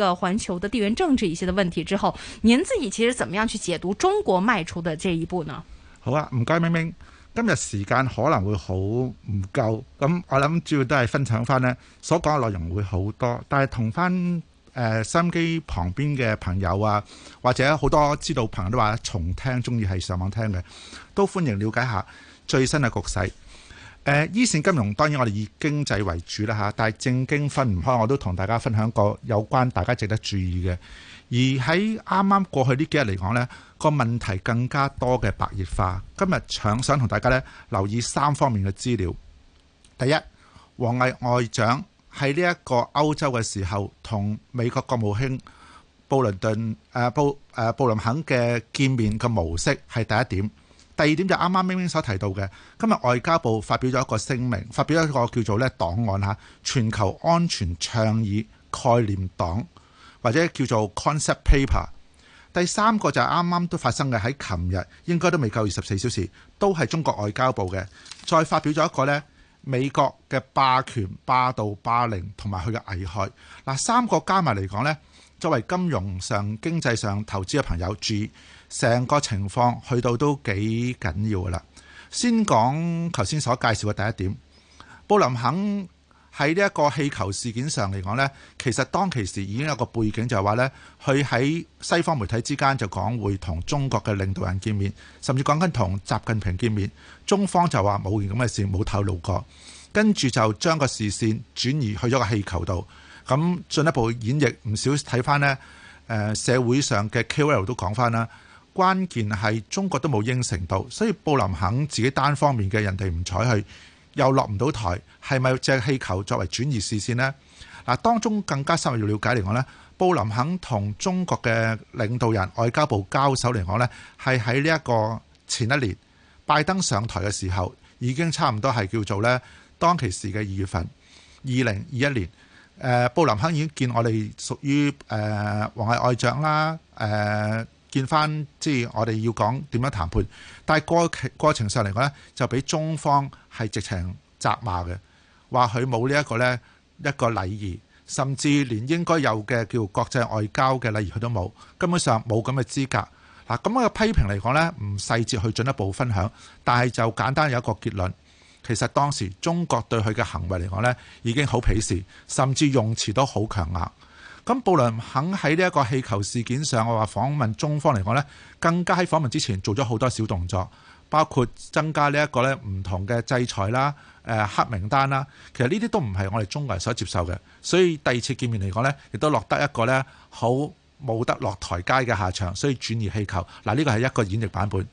這個環球的地緣政治一些的問題之後，您自己其實怎麼樣去解讀中國邁出的這一步呢？好啊，唔該，明明今日時間可能會好唔夠，咁，嗯、我諗主要都係分享翻呢所講嘅內容會好多，但係同翻誒收音機旁邊嘅朋友啊，或者好多知道朋友都話重聽，中意係上網聽嘅，都歡迎了解下最新嘅局勢。誒、呃，依線金融當然我哋以經濟為主啦嚇，但係政經分唔開，我都同大家分享過有關大家值得注意嘅。而喺啱啱過去呢幾日嚟講呢個問題更加多嘅白熱化。今日搶想同大家咧留意三方面嘅資料。第一，王毅外長喺呢一個歐洲嘅時候，同美國國務卿布倫頓誒、啊、布誒、啊、布林肯嘅見面嘅模式係第一點。第二點就啱啱明明所提到嘅，今日外交部發表咗一個聲明，發表咗一個叫做咧檔案嚇全球安全倡議概念檔或者叫做 concept paper。第三個就係啱啱都發生嘅喺琴日，應該都未夠二十四小時，都係中國外交部嘅再發表咗一個咧美國嘅霸權霸道霸凌同埋佢嘅危害嗱三個加埋嚟講咧。作為金融上、經濟上投資嘅朋友，注意成個情況去到都幾緊要噶啦。先講頭先所介紹嘅第一點，布林肯喺呢一個氣球事件上嚟講呢，其實當其時已經有個背景就係話呢，佢喺西方媒體之間就講會同中國嘅領導人見面，甚至講緊同習近平見面。中方就話冇件咁嘅事，冇透露過，跟住就將個視線轉移去咗個氣球度。.咁進一步演繹，唔少睇翻呢誒社會上嘅 KOL 都講翻啦。關鍵係中國都冇應承到，所以布林肯自己單方面嘅人哋唔採去，又落唔到台，係咪借氣球作為轉移視線呢？嗱，當中更加深入了解嚟講呢，布林肯同中國嘅領導人外交部交手嚟講呢，係喺呢一個前一年拜登上台嘅時候，已經差唔多係叫做呢當其時嘅二月份，二零二一年。誒、呃、布林肯已經見我哋屬於誒、呃、王毅外長啦，誒、呃、見翻即係我哋要講點樣談判，但係過，過程上嚟講呢就俾中方係直情責罵嘅，話佢冇呢一個呢一個禮儀，甚至連應該有嘅叫國際外交嘅禮儀佢都冇，根本上冇咁嘅資格。嗱，咁樣嘅批評嚟講呢，唔細節去進一步分享，但係就簡單有一個結論。其實當時中國對佢嘅行為嚟講呢，已經好鄙視，甚至用詞都好強硬。咁布林肯喺呢一個氣球事件上，我話訪問中方嚟講呢，更加喺訪問之前做咗好多小動作，包括增加呢一個呢唔同嘅制裁啦、誒、呃、黑名單啦。其實呢啲都唔係我哋中國人所接受嘅，所以第二次見面嚟講呢，亦都落得一個呢好冇得落台階嘅下場，所以轉移氣球。嗱、這、呢個係一個演繹版本。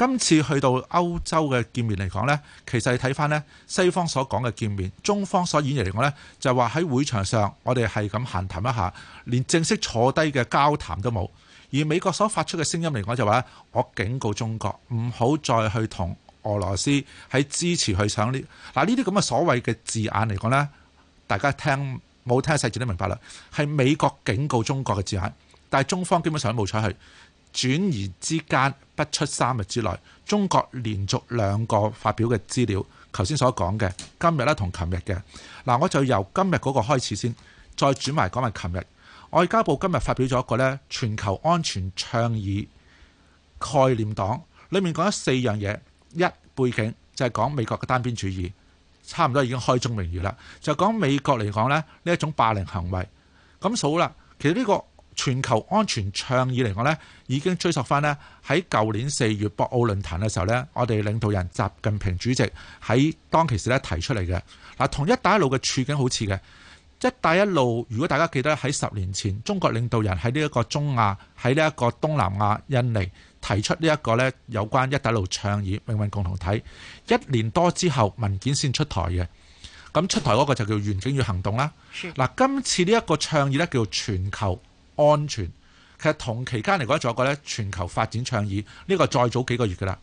今次去到歐洲嘅見面嚟講呢，其實睇返西方所講嘅見面，中方所演繹嚟講呢，就話喺會場上我哋係咁閒談一下，連正式坐低嘅交談都冇。而美國所發出嘅聲音嚟講就話我警告中國唔好再去同俄羅斯喺支持佢上呢。嗱，呢啲咁嘅所謂嘅字眼嚟講呢，大家聽冇聽細節都明白啦。係美國警告中國嘅字眼，但係中方基本上冇出去。轉移之間不出三日之內，中國連續兩個發表嘅資料，頭先所講嘅今日咧同琴日嘅。嗱我就由今日嗰個開始先，再轉埋講埋琴日，外交部今日發表咗一個呢全球安全倡議概念檔，裡面講咗四樣嘢，一背景就係、是、講美國嘅單邊主義，差唔多已經開宗明義啦，就講美國嚟講呢，呢一種霸凌行為，咁數啦，其實呢、這個。全球安全倡議嚟講呢，已經追溯翻呢喺舊年四月博鰲論壇嘅時候呢，我哋領導人習近平主席喺當其時咧提出嚟嘅。嗱，同一帶一路嘅處境好似嘅一帶一路。如果大家記得喺十年前，中國領導人喺呢一個中亞喺呢一個東南亞印尼提出呢一個呢有關一帶一路倡議、命運共同體。一年多之後文件先出台嘅，咁出台嗰個就叫願景與行動啦。嗱，今次呢一個倡議呢，叫做全球。安全，其實同期間嚟講仲有一個咧全球發展倡議，呢個再早幾個月嘅啦。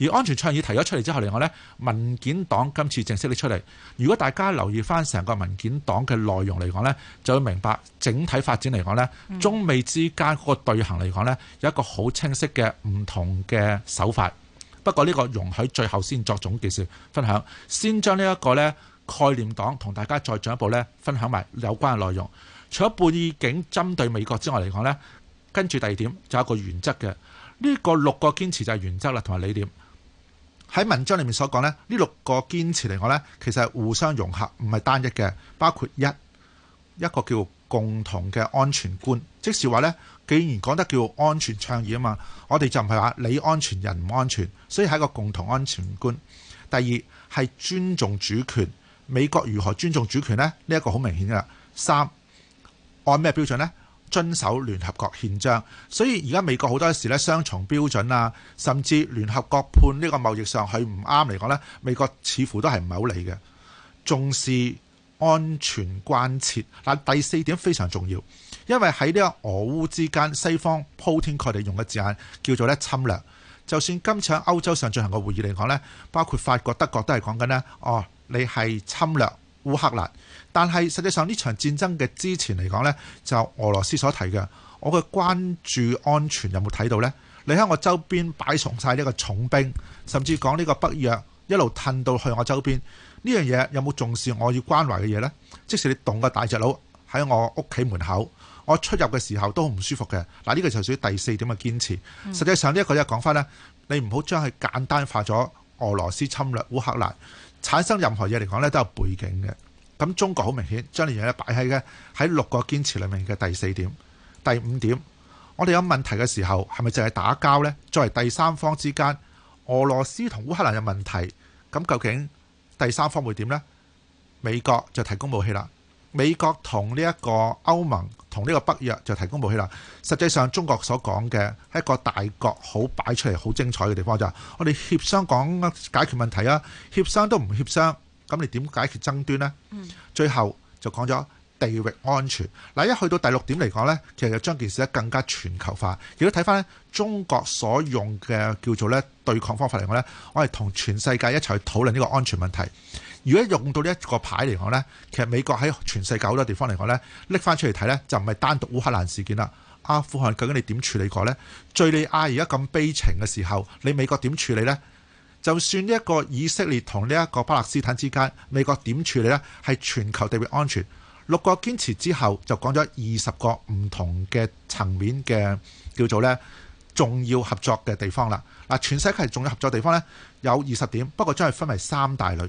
而安全倡議提咗出嚟之後嚟講呢，文件檔今次正式搦出嚟。如果大家留意翻成個文件檔嘅內容嚟講呢，就會明白整體發展嚟講呢，中美之間個對衡嚟講呢，有一個好清晰嘅唔同嘅手法。不過呢個容許最後先作總結性分享，先將呢一個呢概念黨同大家再進一步呢分享埋有關嘅內容。除咗背景針對美國之外嚟講呢，跟住第二點就有一個原則嘅呢、呢個六個堅持就係原則啦，同埋理念喺文章裏面所講呢，呢六個堅持嚟講呢，其實係互相融合，唔係單一嘅，包括一一個叫共同嘅安全觀，即是話呢，既然講得叫安全倡議啊嘛，我哋就唔係話你安全人唔安全，所以係一個共同安全觀。第二係尊重主權，美國如何尊重主權呢？呢、呢一個好明顯嘅啦。三按咩標準呢？遵守聯合國憲章。所以而家美國好多時咧雙重標準啊，甚至聯合國判呢個貿易上佢唔啱嚟講呢，美國似乎都係唔係好理嘅。重視安全關切。嗱，第四點非常重要，因為喺呢個俄烏之間，西方鋪天蓋地用嘅字眼叫做咧侵略。就算今次喺歐洲上進行嘅會議嚟講呢，包括法國、德國都係講緊呢：「哦，你係侵略烏克蘭。」但係實際上呢場戰爭嘅之前嚟講呢，就俄羅斯所提嘅，我嘅關注安全有冇睇到呢？你喺我周邊擺晒呢個重兵，甚至講呢個北約一路褪到去我周邊呢樣嘢，這個、有冇重視我要關懷嘅嘢呢？即使你動個大隻佬喺我屋企門口，我出入嘅時候都唔舒服嘅。嗱，呢個就屬於第四點嘅堅持。嗯、實際上呢一個嘢講翻呢，你唔好將佢簡單化咗。俄羅斯侵略烏克蘭，產生任何嘢嚟講呢都有背景嘅。咁中國好明顯將呢樣嘢擺喺呢，喺六個堅持裏面嘅第四點、第五點。我哋有問題嘅時候，係咪就係打交呢？作為第三方之間，俄羅斯同烏克蘭有問題，咁究竟第三方會點呢？美國就提供武器啦。美國同呢一個歐盟同呢個北約就提供武器啦。實際上，中國所講嘅係一個大國好擺出嚟好精彩嘅地方就係，我哋協商講解決問題啊，協商都唔協商。咁你點解決爭端呢？嗯、最後就講咗地域安全。嗱，一去到第六點嚟講呢，其實就將件事咧更加全球化。如果睇翻咧中國所用嘅叫做咧對抗方法嚟講呢，我係同全世界一齊去討論呢個安全問題。如果用到呢一個牌嚟講呢，其實美國喺全世界好多地方嚟講呢，拎翻出嚟睇呢，就唔係單獨烏克蘭事件啦。阿富汗究竟你點處理過呢？敍利亞而家咁悲情嘅時候，你美國點處理呢？就算呢一個以色列同呢一個巴勒斯坦之間，美國點處理呢？係全球地緣安全六個堅持之後，就講咗二十個唔同嘅層面嘅叫做呢重要合作嘅地方啦。嗱，全世界重要合作地方呢，有二十點，不過將佢分為三大類。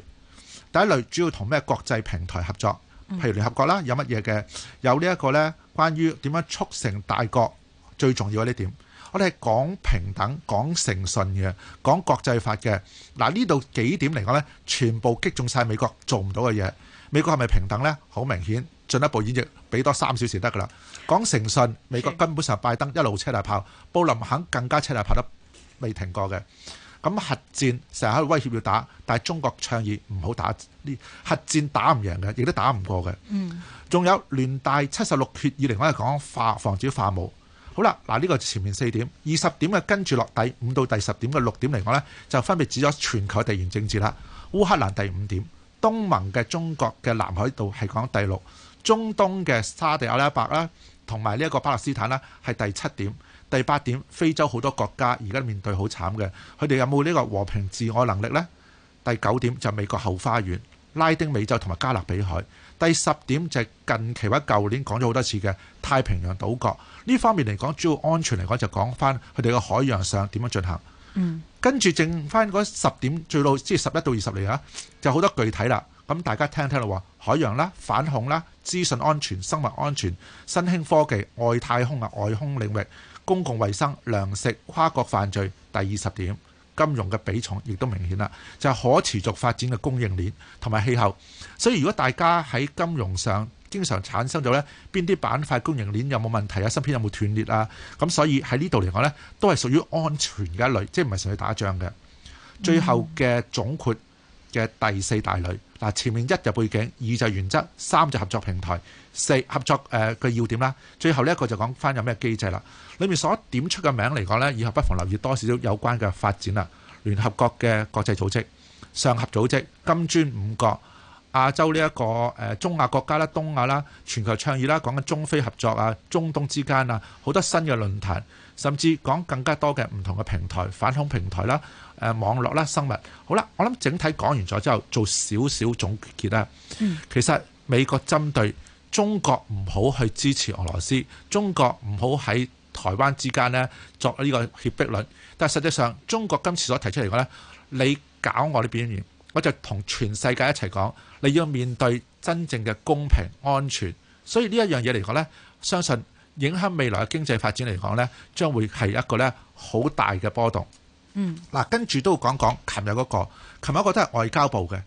第一類主要同咩國際平台合作，譬如聯合國啦，有乜嘢嘅？有呢一個呢關於點樣促成大國最重要嘅呢點？我哋係講平等、講誠信嘅，講國際法嘅。嗱，呢度幾點嚟講呢？全部擊中晒美國做唔到嘅嘢。美國係咪平等呢？好明顯，進一步演繹，俾多三小時得噶啦。講誠信，美國根本上拜登一路車大炮，布林肯更加車大炮都未停過嘅。咁核戰成日喺度威脅要打，但係中國倡議唔好打呢，核戰打唔贏嘅，亦都打唔過嘅。嗯。仲有聯大七十六決議嚟講，係講化防止化武。好啦，嗱、這、呢個前面四點，二十點嘅跟住落第五到第十點嘅六點嚟講呢，就分別指咗全球地緣政治啦。烏克蘭第五點，東盟嘅中國嘅南海度係講第六，中東嘅沙地阿拉伯啦，同埋呢一個巴勒斯坦啦係第七點，第八點非洲好多國家而家面對好慘嘅，佢哋有冇呢個和平自我能力呢？第九點就美國後花園，拉丁美洲同埋加勒比海。第十點就係近期或者舊年講咗好多次嘅太平洋島國呢方面嚟講，主要安全嚟講就講翻佢哋個海洋上點樣進行。嗯，跟住剩翻嗰十點，最後即係十一到二十嚟啊，就好多具體啦。咁大家聽聽啦，海洋啦、反恐啦、資訊安全、生物安全、新興科技、外太空啊、外空領域、公共衛生、糧食、跨國犯罪。第二十點。金融嘅比重亦都明顯啦，就係可持續發展嘅供應鏈同埋氣候，所以如果大家喺金融上經常產生咗呢邊啲板塊供應鏈有冇問題啊？芯片有冇斷裂啊？咁所以喺呢度嚟講呢，都係屬於安全嘅一類，即係唔係上去打仗嘅。最後嘅總括。嘅第四大類嗱，前面一就背景，二就原則，三就合作平台，四合作誒嘅要點啦。最後呢一個就講翻有咩機制啦。裏面所點出嘅名嚟講呢，以後不妨留意多少有關嘅發展啦。聯合國嘅國際組織、上合組織、金磚五國、亞洲呢一個誒中亞國家啦、東亞啦、全球倡議啦，講緊中非合作啊、中東之間啊，好多新嘅論壇，甚至講更加多嘅唔同嘅平台、反恐平台啦。誒網絡啦，生物好啦，我諗整體講完咗之後，做少少總結啦，嗯。其實美國針對中國唔好去支持俄羅斯，中國唔好喺台灣之間呢作呢個脅迫論。但係實際上，中國今次所提出嚟講呢，你搞我啲邊緣，我就同全世界一齊講，你要面對真正嘅公平安全。所以呢一樣嘢嚟講呢，相信影響未來嘅經濟發展嚟講呢，將會係一個呢好大嘅波動。嗯，嗱，跟住都會講講琴日嗰個，琴日嗰個都係外交部嘅，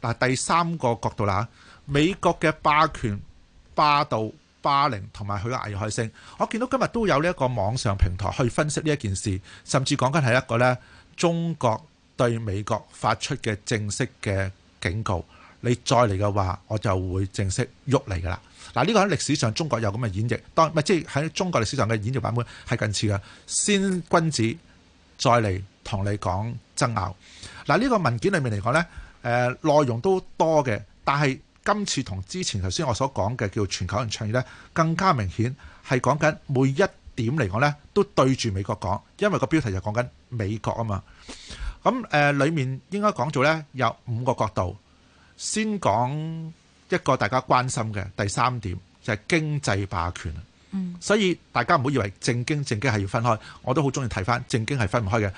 嗱第三個角度啦，美國嘅霸權、霸道、霸凌同埋佢嘅危害性。我見到今日都有呢一個網上平台去分析呢一件事，甚至講緊係一個呢中國對美國發出嘅正式嘅警告，你再嚟嘅話，我就會正式喐你㗎啦。嗱、這、呢個喺歷史上中國有咁嘅演繹，當唔係即係喺中國歷史上嘅演繹版本係近似嘅，先君子。再嚟同你講爭拗，嗱、這、呢個文件裏面嚟講呢，誒、呃、內容都多嘅，但係今次同之前頭先我所講嘅叫全球安全倡議呢，更加明顯係講緊每一點嚟講呢，都對住美國講，因為個標題就講緊美國啊嘛。咁、嗯、誒、呃，裡面應該講咗呢，有五個角度，先講一個大家關心嘅第三點，就係、是、經濟霸權。所以大家唔好以為政經政經係要分開，我都好鍾意睇返政經係分唔開嘅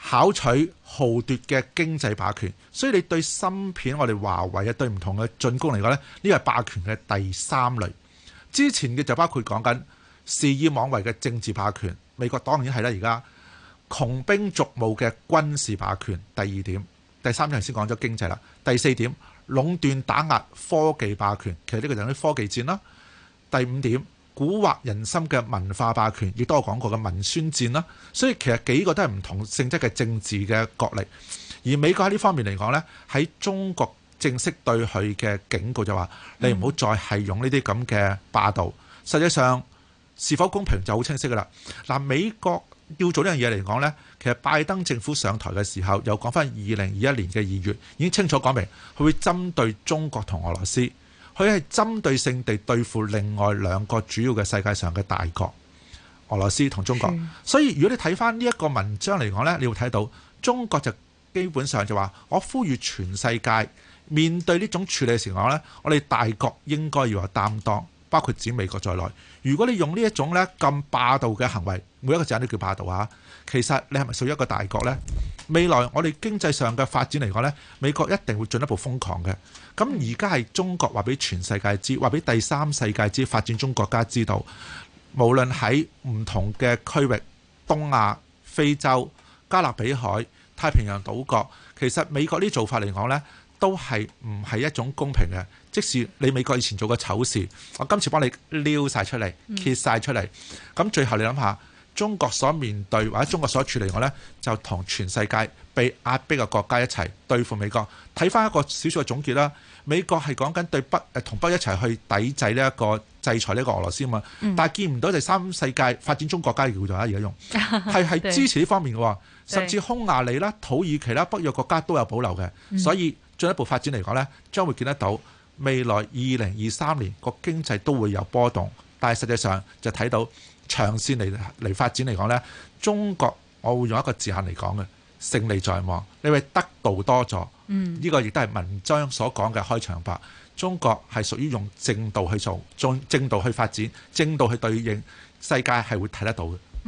巧取豪奪嘅經濟霸權。所以你對芯片，我哋華為啊，對唔同嘅進攻嚟講呢，呢個係霸權嘅第三類。之前嘅就包括講緊肆意妄為嘅政治霸權，美國當然係啦、啊。而家窮兵黷武嘅軍事霸權，第二點，第三點先講咗經濟啦。第四點，壟斷打壓科技霸權，其實呢個就係啲科技戰啦。第五點。古惑人心嘅文化霸權亦都有講過嘅文宣戰啦，所以其實幾個都係唔同性質嘅政治嘅角力。而美國喺呢方面嚟講呢，喺中國正式對佢嘅警告就話：你唔好再係用呢啲咁嘅霸道、嗯。實際上是否公平就好清晰噶啦。嗱，美國要做呢樣嘢嚟講呢，其實拜登政府上台嘅時候，又講翻二零二一年嘅二月已經清楚講明，佢會針對中國同俄羅斯。佢係針對性地對付另外兩個主要嘅世界上嘅大國，俄羅斯同中國、嗯。所以如果你睇翻呢一個文章嚟講呢，你會睇到中國就基本上就話：我呼籲全世界面對呢種處理嘅時候呢，我哋大國應該要有擔當，包括指美國在內。如果你用呢一種呢咁霸道嘅行為，每一個字都叫霸道啊！其實你係咪屬於一個大國呢？未來我哋經濟上嘅發展嚟講呢，美國一定會進一步瘋狂嘅。咁而家係中國話俾全世界知，話俾第三世界知，發展中國家知道，無論喺唔同嘅區域，東亞、非洲、加勒比海、太平洋島國，其實美國呢啲做法嚟講，呢都係唔係一種公平嘅。即使你美國以前做過醜事，我今次幫你撩晒出嚟，揭晒出嚟，咁、嗯、最後你諗下。中國所面對或者中國所處理，我呢就同全世界被壓迫嘅國家一齊對付美國。睇翻一個少少嘅總結啦，美國係講緊對北誒、呃、同北一齊去抵制呢一個制裁呢個俄羅斯嘛，嗯、但係見唔到第三世界發展中國家嘅做啊而家用係係支持呢方面嘅， 甚至匈牙利啦、土耳其啦、北約國家都有保留嘅、嗯。所以進一步發展嚟講呢，將會見得到未來二零二三年個經濟都會有波動。但係實際上就睇到長線嚟嚟發展嚟講呢，中國我會用一個字眼嚟講嘅，勝利在望。你會得道多助，嗯，呢個亦都係文章所講嘅開場白。中國係屬於用正道去做，正正道去發展，正道去對應世界係會睇得到嘅。